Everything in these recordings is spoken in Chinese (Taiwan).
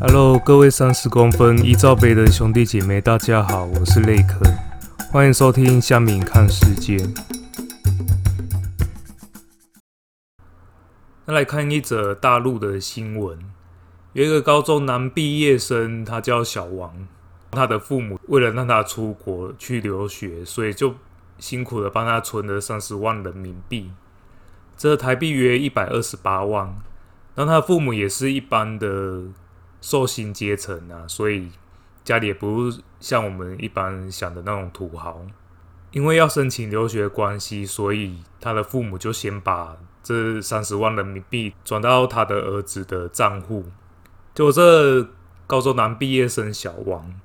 Hello，各位三十公分一罩杯的兄弟姐妹，大家好，我是淚科，歡迎收聽《下面看世界》。那來看一則大陸的新聞，有一個高中男畢業生，他叫小王，他的父母為了讓他出國去留學，所以就辛苦的幫他存了三十萬人民幣，這台幣約一百二十八萬。然後他的父母也是一般的受薪階層啊，所以家裡也不像我們一般想的那種土豪。因為要申請留學關係，所以他的父母就先把這三十萬人民幣轉到他的兒子的賬戶。就這高中男畢業生小王，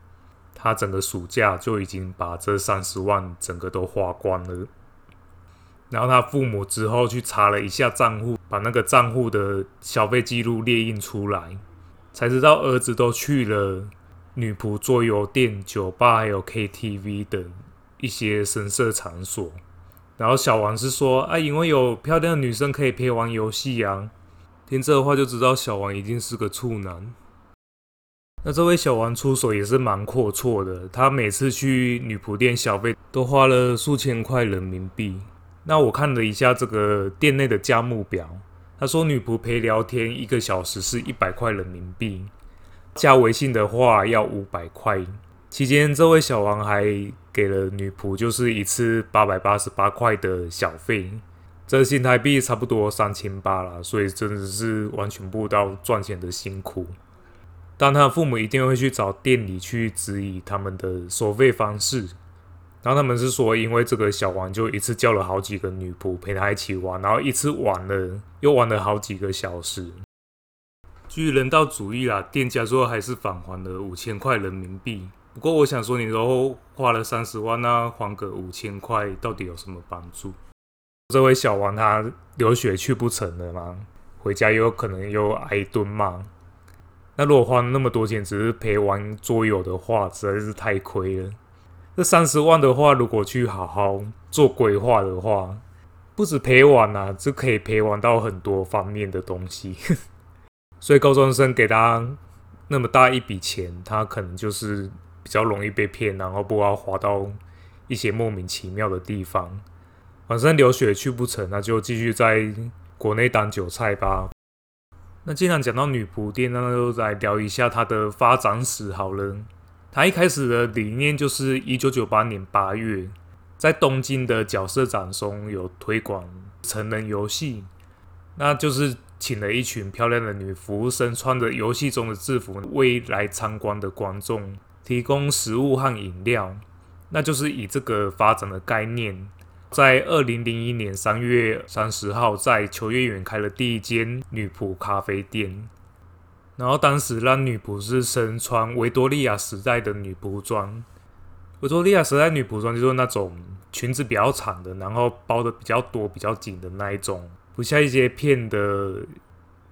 他整個暑假就已經把這三十萬整個都花光了。然後他父母之後去查了一下賬戶，把那個賬戶的消費記錄列印出來。才知道兒子都去了女僕桌遊店、酒吧還有 KTV 等一些聲色場所。然後小王是說：“啊，因為有漂亮的女生可以陪玩遊戲啊。”聽這話就知道小王一定是個處男。那這位小王出手也是蠻闊綽的，他每次去女僕店消費都花了數千塊人民幣。那我看了一下這個店內的價目表。他說：“女僕陪聊天一個小時是一百塊人民幣，加微信的話要五百塊。期間，這位小王還給了女僕就是一次八百八十八塊的小費，這新台幣差不多三千八了。所以，真的是完全不知道賺錢的辛苦。但他的父母一定會去找店裡去質疑他們的收費方式。”然後他們是說，因為這個小王就一次叫了好幾個女僕陪他一起玩，然後一次玩了又玩了好幾個小時。據人道主義啊，店家最後還是返還了五千塊人民幣。不過我想說，你都花了三十萬啊，還個五千塊，到底有什麼幫助？這位小王他留學去不成了嗎？回家又可能又挨一頓罵。那如果花那麼多錢只是陪玩桌遊的話，實在是太虧了。這三十萬的話，如果去好好做規劃的話，不止陪玩啊，就可以陪玩到很多方面的東西。 所以高中生給他那麼大一筆錢，他可能就是比較容易被騙，然後不知道花到一些莫名其妙的地方。反正留學去不成，那就繼續在國內當韭菜吧。那既然講到女僕店，那就來聊一下它的發展史好了。他一開始的理念就是，一九九八年八月，在東京的角色展中有推廣成人遊戲，那就是請了一群漂亮的女服務生，穿着遊戲中的制服，為來參觀的觀眾提供食物和飲料。那就是以這個發展的概念，在二零零一年三月三十號，在秋葉原開了第一間女僕咖啡店。然後當時讓女僕是身穿維多利亞時代的女僕裝，維多利亞時代女僕裝就是那種裙子比較長的，然後包得比較多、比較緊的那一種，不像一些片的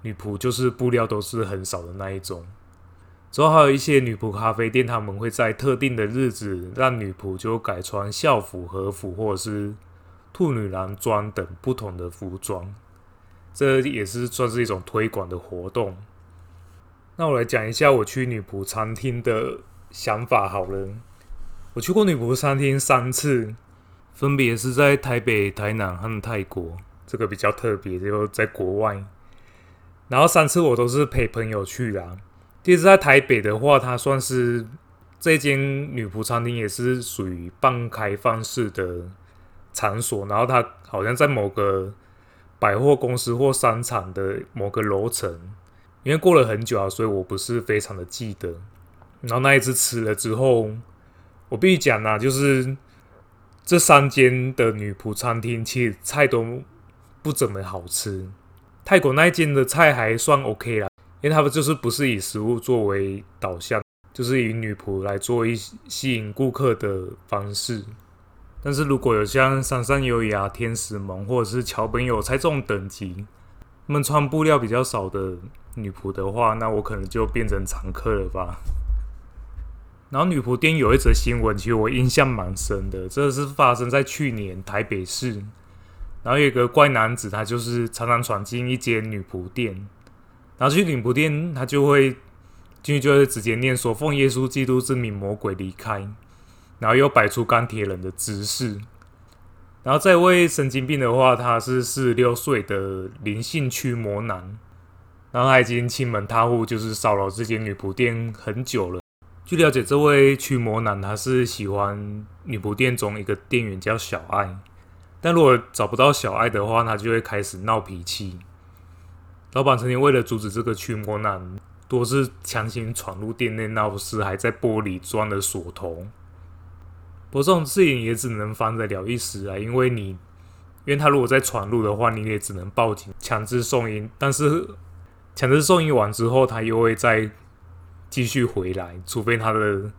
女僕就是布料都是很少的那一種。之後還有一些女僕咖啡店，他們會在特定的日子讓女僕就改穿校服、和服或者是兔女郎裝等不同的服裝，這也是算是一種推廣的活動。那我來講一下我去女僕餐廳的想法好了。我去過女僕餐廳三次，分別是在台北、台南和泰國，這個比較特別，就是在國外。然後三次我都是陪朋友去啦、啊。第一次在台北的話，它算是這間女僕餐廳也是屬於半開放式的場所，然後它好像在某個百貨公司或商場的某個樓層。因為過了很久啊，所以我不是非常的記得。然後那一次吃了之後，我必須講啊，就是這三間的女僕餐廳其實菜都不怎麼好吃。泰國那一間的菜還算 OK 啦，因為他們就是不是以食物作為導向，就是以女僕來做一吸引顧客的方式。但是如果有像三上悠亞、天使萌或者是橋本有菜這種等級，他們穿布料比較少的女僕的話，那我可能就變成常客了吧。然後女僕店有一則新聞，其實我印象蠻深的，這是發生在去年台北市。然後有一個怪男子，他就是常常闖進一間女僕店，然後去女僕店，他就會進去就會直接念說：“奉耶穌基督之名，魔鬼離開。”然後又擺出鋼鐵人的姿勢。然後這位神經病的話，他是四十六歲的靈性驅魔男，然後他已經親門踏戶，就是騷擾這間女僕店很久了。據了解，這位驅魔男他是喜歡女僕店中一個店員叫小愛，但如果找不到小愛的話，他就會開始鬧脾氣。老板曾經為了阻止這個驅魔男，多次強行闖入店內鬧事，鬧時還在玻璃裝了鎖頭。不過送醫也只能防得了一時啊，因為你，因為他如果再闖入的話，你也只能報警強制送醫。但是強制送醫完之後，他又會再繼續回來，除非他的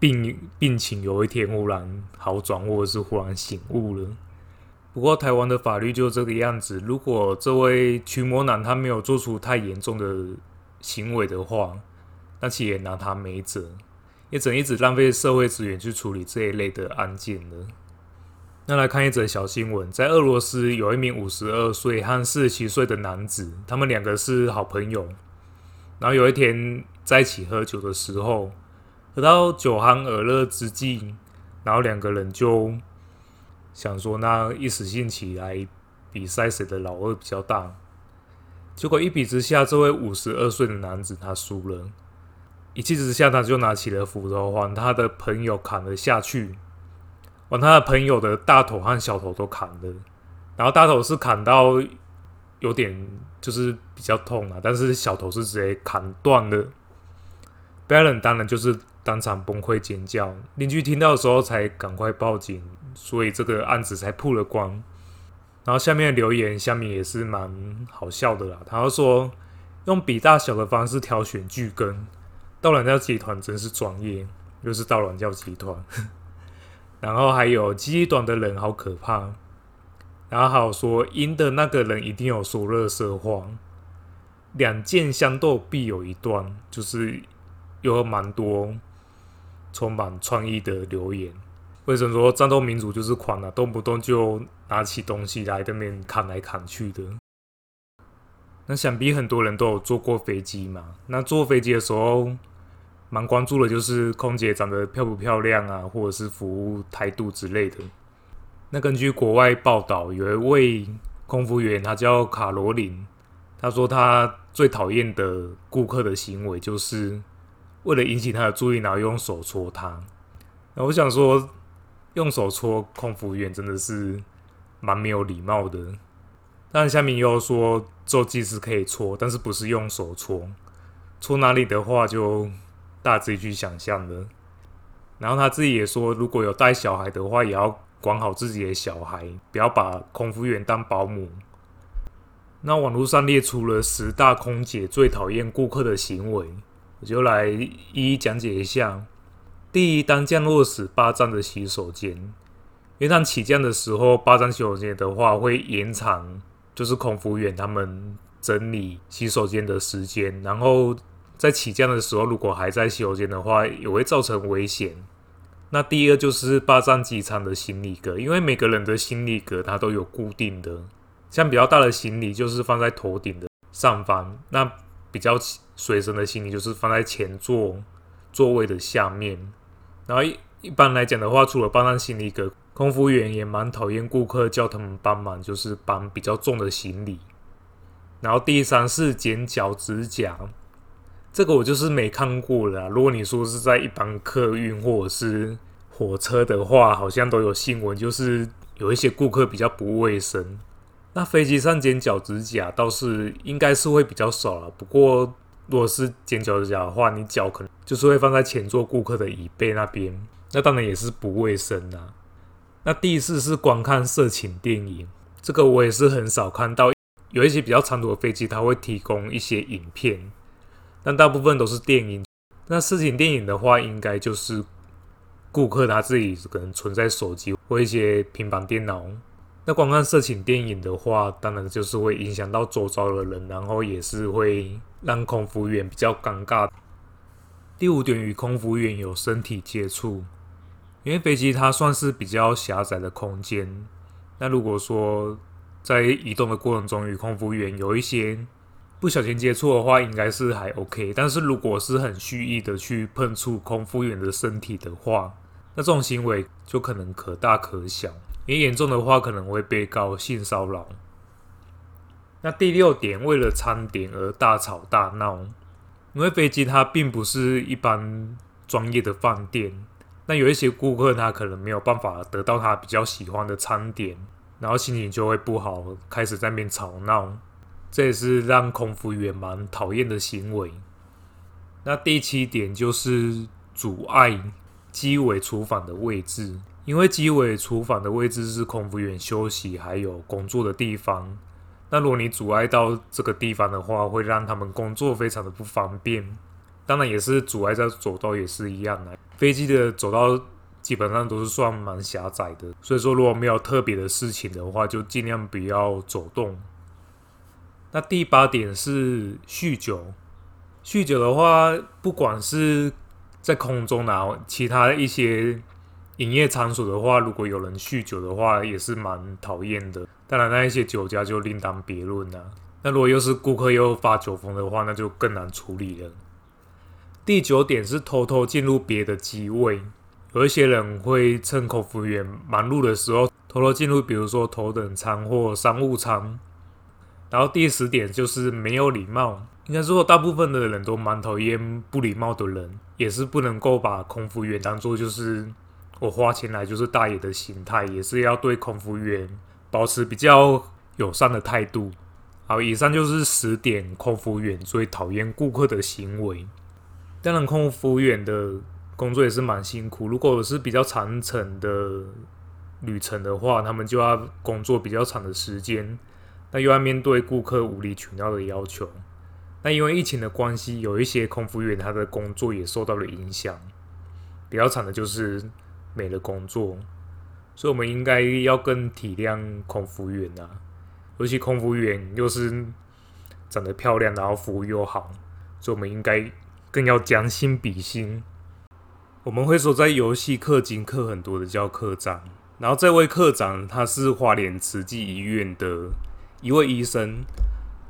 病病情有一天忽然好轉，或者是忽然醒悟了。不過台灣的法律就這個樣子，如果這位驅魔男他沒有做出太嚴重的行為的話，那其實也拿他沒轍。一整一直浪費社會資源去處理這一類的案件呢。那來看一則小新聞，在俄羅斯有一名五十二歲和四十七歲的男子，他們兩個是好朋友。然後有一天在一起喝酒的時候，喝到酒酣耳熱之際，然後兩個人就想說，那一時興起來比賽誰的老二比較大。結果一比之下，這位五十二歲的男子他輸了。一氣之下，他就拿起了斧頭，往他的朋友砍了下去，往他的朋友的大頭和小頭都砍了。然後大頭是砍到有點就是比較痛啊，但是小頭是直接砍斷了。被害人當然就是當場崩潰尖叫，鄰居聽到的時候才趕快報警，所以這個案子才曝了光。然後下面的留言，下面也是蠻好笑的啦，他就說用比大小的方式挑選巨根。道軟教集團真是專業，又是道軟教集團， 然後還有極端的人好可怕，然後還有說贏的那個人一定有說垃圾話，兩劍相鬥必有一段，就是又有蠻多充滿創意的留言。為什麼說戰鬥民族就是狂啊？動不動就拿起東西來對面砍來砍去的。那想必很多人都有坐過飛機嘛？那坐飛機的時候。蠻關注的，就是空姐長得漂不漂亮啊，或者是服務態度之類的。那根據國外報道，有一位空服員，他叫卡羅琳，他說他最討厭的顧客的行為，就是為了引起他的注意，然後用手搓他。那我想說，用手搓空服員真的是蠻沒有禮貌的。但下面又說，做技師可以搓，但是不是用手搓，搓哪裡的話就。大致去想象的，然後他自己也說，如果有帶小孩的話，也要管好自己的小孩，不要把空服員當保姆。那網絡上列出了十大空姐最討厭顧客的行為，我就來一一講解一下。第一，當降落時霸佔著洗手間，因為當起降的時候霸佔洗手間的話，會延長就是空服員他們整理洗手間的時間，然後。在起降的時候，如果還在洗手間的話，也會造成危險。那第二就是霸占機艙的行李格，因為每個人的行李格它都有固定的，像比較大的行李就是放在頭頂的上方，那比較隨身的行李就是放在前座座位的下面。然後一一般來講的話，除了霸占行李格，空服員也蠻討厭顧客叫他們幫忙，就是搬比較重的行李。然後第三是剪腳趾甲。這個我就是沒看過了啦。如果你說是在一般客運或者是火車的話，好像都有新聞，就是有一些顧客比較不衛生。那飛機上剪腳趾甲倒是應該是會比較少了。不過如果是剪腳趾甲的話，你腳可能就是會放在前座顧客的椅背那邊，那當然也是不衛生啦。那第四是觀看色情電影，這個我也是很少看到。有一些比較長途的飛機，它會提供一些影片。但大部分都是電影，那色情電影的話，應該就是顧客他自己可能存在手機或一些平板電腦。那觀看色情電影的話，當然就是會影響到周遭的人，然後也是會讓空服員比較尷尬。第五點，與空服員有身體接觸，因為飛機它算是比較狹窄的空間。那如果說在移動的過程中與空服員有一些。不小心接觸的話，應該是還 OK。但是如果是很蓄意的去碰觸空服員的身體的話，那這種行為就可能可大可小。也嚴重的話，可能會被告性騷擾。那第六點，為了餐點而大吵大鬧，因為飛機它並不是一般專業的飯店，那有一些顧客他可能沒有辦法得到他比較喜歡的餐點，然後心情就會不好，開始在那邊吵鬧。這也是讓空服員蠻討厭的行為。那第七點就是阻礙機尾廚房的位置，因為機尾廚房的位置是空服員休息還有工作的地方。那如果你阻礙到這個地方的話，會讓他們工作非常的不方便。當然，也是阻礙在走道也是一樣的。飛機的走道基本上都是算蠻狹窄的，所以說如果沒有特別的事情的話，就盡量不要走動。那第八點是酗酒，酗酒的話，不管是在空中啊，其他一些營業場所的話，如果有人酗酒的話，也是蠻討厭的。當然，那一些酒家就另當別論了。那如果又是顧客又發酒瘋的話，那就更難處理了。第九點是偷偷進入別的機位，有一些人會趁空服員忙碌的時候偷偷進入，比如說頭等艙或商務艙。然後第十點就是沒有禮貌，應該說大部分的人都蠻討厭不禮貌的人，也是不能夠把空服員當做就是我花錢來就是大爺的心態，也是要對空服員保持比較友善的態度。好，以上就是十點空服員最討厭顧客的行為。當然，空服員的工作也是蠻辛苦，如果是比較長程的旅程的話，他們就要工作比較長的時間。那又要面對顧客無理取鬧的要求，那因為疫情的關係，有一些空服員他的工作也受到了影響，比較慘的就是沒了工作，所以我們應該要更體諒空服員吶、啊，尤其空服員又是長得漂亮，然後服務又好，所以我們應該更要將心比心。我們會說，在遊戲課金課很多的叫課長，然後這位課長他是花蓮慈濟醫院的。一位醫生，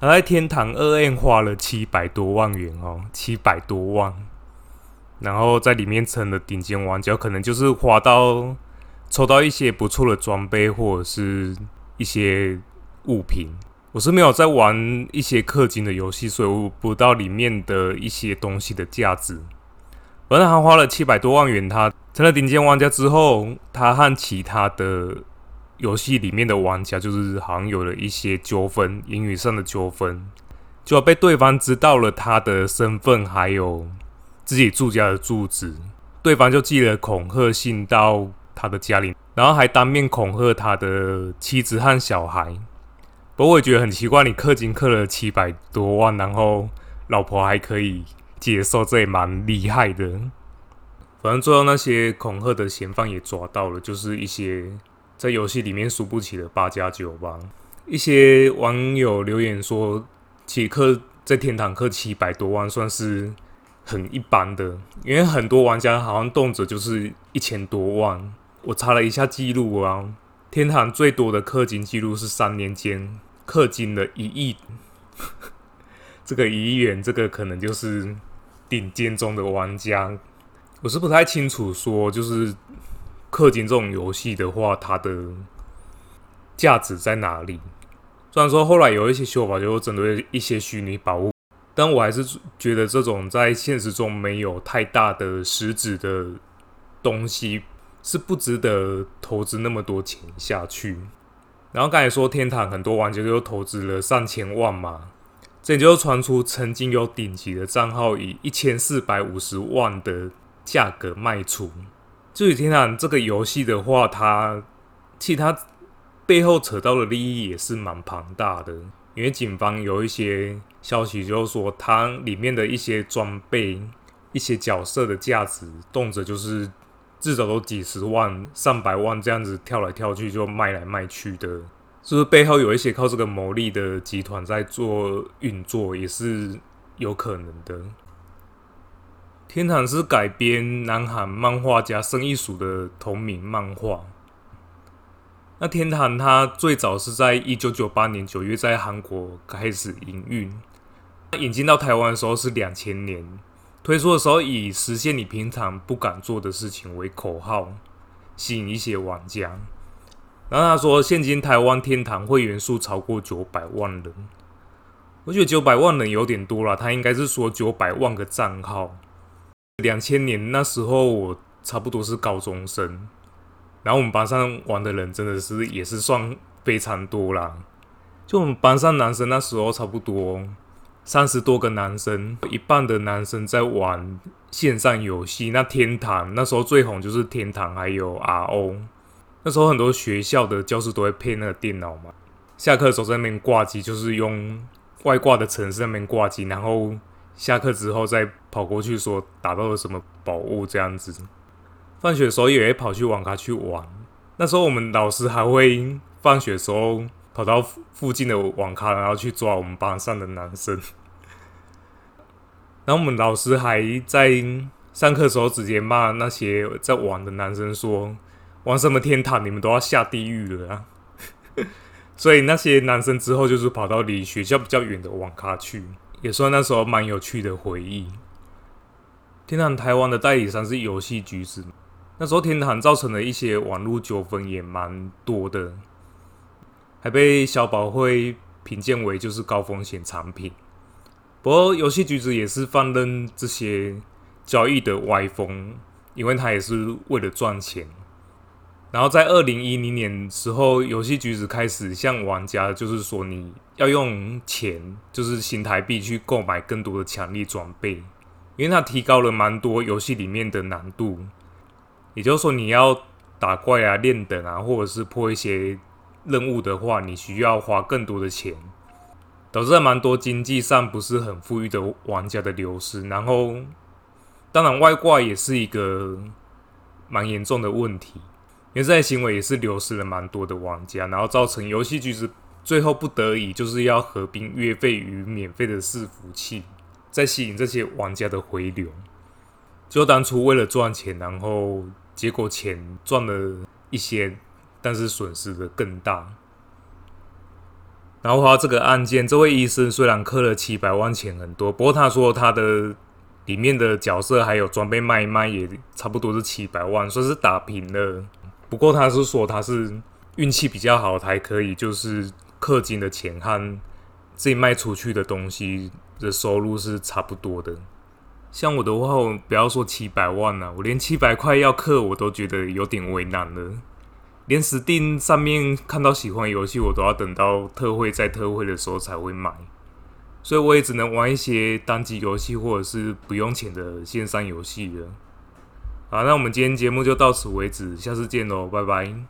他在天堂 2M 花了七百多萬元哦，七百多萬，然後在裡面成了頂尖玩家，可能就是花到抽到一些不錯的裝備或者是一些物品。我是沒有在玩一些課金的遊戲，所以我不知道裡面的一些東西的價值。而他花了七百多萬元，他成了頂尖玩家之後，他和其他的。遊戲裡面的玩家就是好像有了一些糾紛，言語上的糾紛，就被對方知道了他的身份，還有自己住家的住址，對方就寄了恐嚇信到他的家裡，然後還當面恐嚇他的妻子和小孩。不過我也覺得很奇怪，你氪金氪了七百多萬，然後老婆還可以接受，這也蠻厲害的。反正最後那些恐嚇的嫌犯也抓到了，就是一些。在遊戲裡面輸不起的八加九吧，一些網友留言說，傑克在天堂氪七百多萬算是很一般的，因為很多玩家好像動輒就是一千多萬。我查了一下記錄啊，天堂最多的氪金記錄是三年間氪金了一億，這個一億元這個可能就是頂尖中的玩家，我是不太清楚說就是。氪金這種遊戲的話，它的價值在哪裡？雖然說後來有一些修法，就針對一些虛擬寶物，但我還是覺得這種在現實中沒有太大的實質的東西，是不值得投資那麼多錢下去。然後剛才說天堂很多玩家就投資了上千萬嘛，這也就傳出曾經有頂級的賬號以一千四百五十萬的價格賣出。就神天堂這個遊戲的話，它其實它背後扯到的利益也是蠻龐大的。因為警方有一些消息，就是說它裡面的一些裝備、一些角色的價值，動輒就是至少都幾十萬、上百萬這樣子跳來跳去，就賣來賣去的，是不是背後有一些靠這個牟利的集團在做運作，也是有可能的。《天堂》是改編南韓漫畫家申一曙的同名漫畫。那天堂它最早是在一九九八年九月在韓國開始營運，引進到台灣的時候是兩千年推出的時候，以“實現你平常不敢做的事情”為口號，吸引一些玩家。然後他說，現今台灣天堂會員數超過九百萬人。我覺得九百萬人有點多啦，他應該是說九百萬個賬號。兩千年那時候，我差不多是高中生。然後我們班上玩的人真的是也是算非常多啦。就我們班上男生那時候差不多三十多個男生，一半的男生在玩線上遊戲。那天堂那時候最紅就是天堂，還有 RO。那時候很多學校的教室都會配那個電腦嘛，下課的時候在那邊掛機，就是用外掛的程式在那邊掛機，然後。下課之後再跑過去說打到了什麼寶物這樣子，放學的時候也會跑去網咖去玩。那時候我們老師還會放學的時候跑到附近的網咖，然後去抓我們班上的男生。然後我們老師還在上課的時候直接罵那些在玩的男生說：“玩什麼天堂，你們都要下地獄了啊！”所以那些男生之後就是跑到離學校比較遠的網咖去。也算那時候蠻有趣的回憶。天堂台灣的代理商是遊戲橘子，那時候天堂造成的一些網絡糾紛也蠻多的，還被消保會評鑑為就是高風險產品。不過遊戲橘子也是放任這些交易的歪風，因為他也是為了賺錢。然後在二零一零年時候，遊戲橘子開始向玩家就是說你，要用錢，就是新台幣去購買更多的強力裝備，因為它提高了蠻多遊戲裡面的難度。也就是說，你要打怪啊、練等啊，或者是破一些任務的話，你需要花更多的錢，導致了蠻多經濟上不是很富裕的玩家的流失。然後，當然外掛也是一個蠻嚴重的問題，因為這些行為也是流失了蠻多的玩家，然後造成遊戲局勢。最後不得已就是要合併月費與免費的伺服器，再吸引這些玩家的回流。就當初為了賺錢，然後結果錢賺了一些，但是損失的更大。然後他這個案件，這位醫生雖然氪了七百萬錢，很多，不過他說他的裡面的角色還有裝備賣一賣也差不多是七百萬，算是打平了。不過他是說他是運氣比較好，才可以就是。氪金的錢和自己賣出去的東西的收入是差不多的。像我的話，我不要說七百萬了，啊，我連七百塊要氪我都覺得有點為難了。連 Steam 上面看到喜歡的遊戲，我都要等到特惠再特惠的時候才會買。所以我也只能玩一些單機遊戲或者是不用錢的線上遊戲了。啊，那我們今天節目就到此為止，下次見嘍，拜拜。